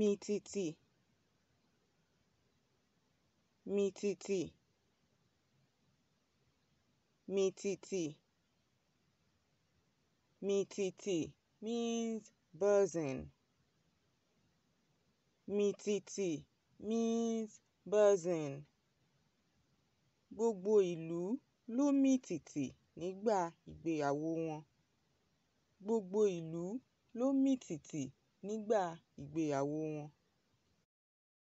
mìtìtì mìtìtì mìtìtì mìtìtì means buzzing mìtìtì means buzzing gbogbo ìlú ló mìtìtì nígbà ìgbéyàwó wọn gbogbo ìlú ló mìtìtì nígbà ìgbéyàwó wọn